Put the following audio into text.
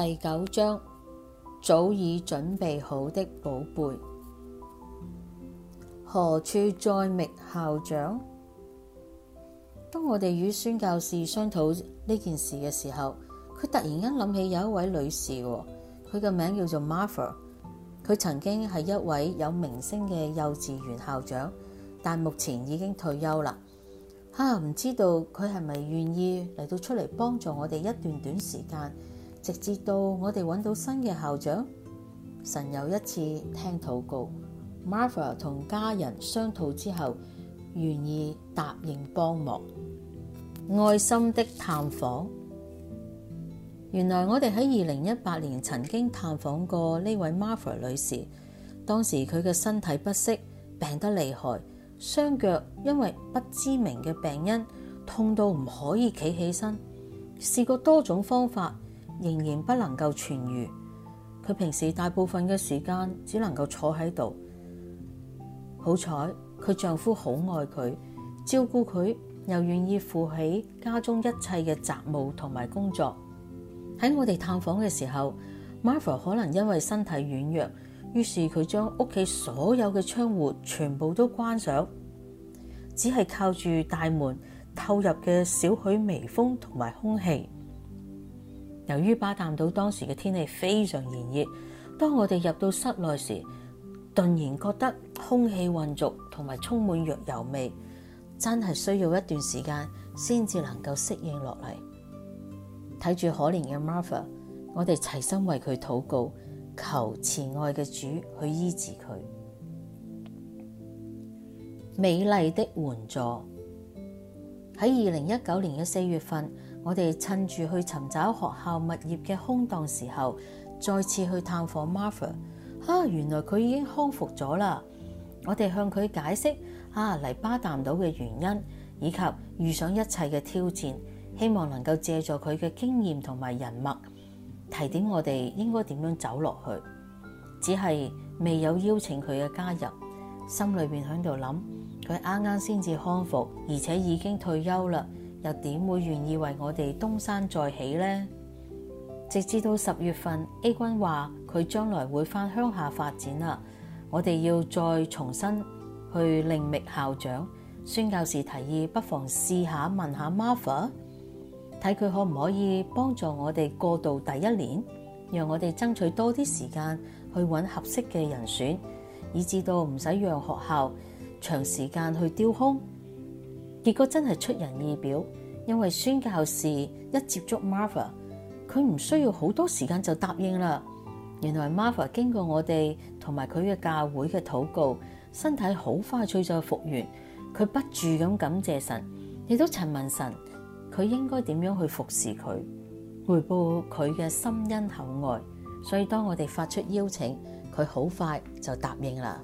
第九章，早已準備好的寶貝，何處再覓校長？當我哋與孫教士商討呢件事嘅時候，佢突然間諗起有一位女士，佢嘅名叫做 Martha，佢曾經係一位有名聲嘅幼稚園校長，但目前已經退休啦。吓、啊，唔知道佢係咪願意嚟到出嚟幫助我哋一段短時間？直至到我哋揾到新嘅校長，神又一次聽禱告。Martha 同家人商討之後，願意答應幫忙。愛心的探訪。原來我哋喺二零一八年曾經探訪過呢位 Martha 女士，當時佢嘅身體不適，病得厲害，雙腳因為不知名嘅病因痛到唔可以企起身，試過多種方法，仍然不能夠痊愈，佢平時大部分嘅時間只能夠坐喺度。好彩佢丈夫好愛佢，照顧佢又願意負起家中一切嘅雜務同埋工作。喺我哋探訪嘅時候，Martha 可能因為身體軟弱，於是佢將屋企所有嘅窗戶全部都關上，只係靠住大門透入嘅少許微風同埋空氣。由於巴淡島當時嘅天氣非常炎熱，當我哋入到室內時，頓然覺得空氣混濁，同埋充滿藥油味，真係需要一段時間先至能夠適應落嚟。睇住可憐嘅 Martha，我哋齊心為佢禱告，求慈愛嘅主去醫治佢。美麗的援助喺二零一九年嘅四月份。我哋趁住去尋找學校物業嘅空檔時候，再次去探訪 Martha。啊，原來佢已經康復咗啦！我哋向佢解釋啊嚟巴淡島嘅原因，以及遇上一切嘅挑戰，希望能夠借助佢嘅經驗同埋人脈，提點我哋應該點樣走落去。只係未有邀請佢嘅加入，心裏邊響度諗，佢啱啱先至康復，而且已經退休啦。又點會願意為我哋東山再起呢？直至到十月份，A 君話佢將來會翻鄉下發展啦。我哋要再重新去另覓校長、宣教士提議，不妨試下問下 Martha，睇佢可唔可以幫助我哋過渡第一年，讓我哋爭取多啲時間去揾合適嘅人選，以至到唔使讓學校長時間去丟空。結果真係出人意表，因為宣教士一接觸 Marva 佢唔需要好多時間就答應啦。原來 Marva 經過我哋同埋佢嘅教會嘅禱告，身體好快脆就復原。佢不住咁感謝神，亦都曾問神佢應該點樣去服侍佢，回報佢嘅心恩厚愛。所以當我哋發出邀請，佢好快就答應啦。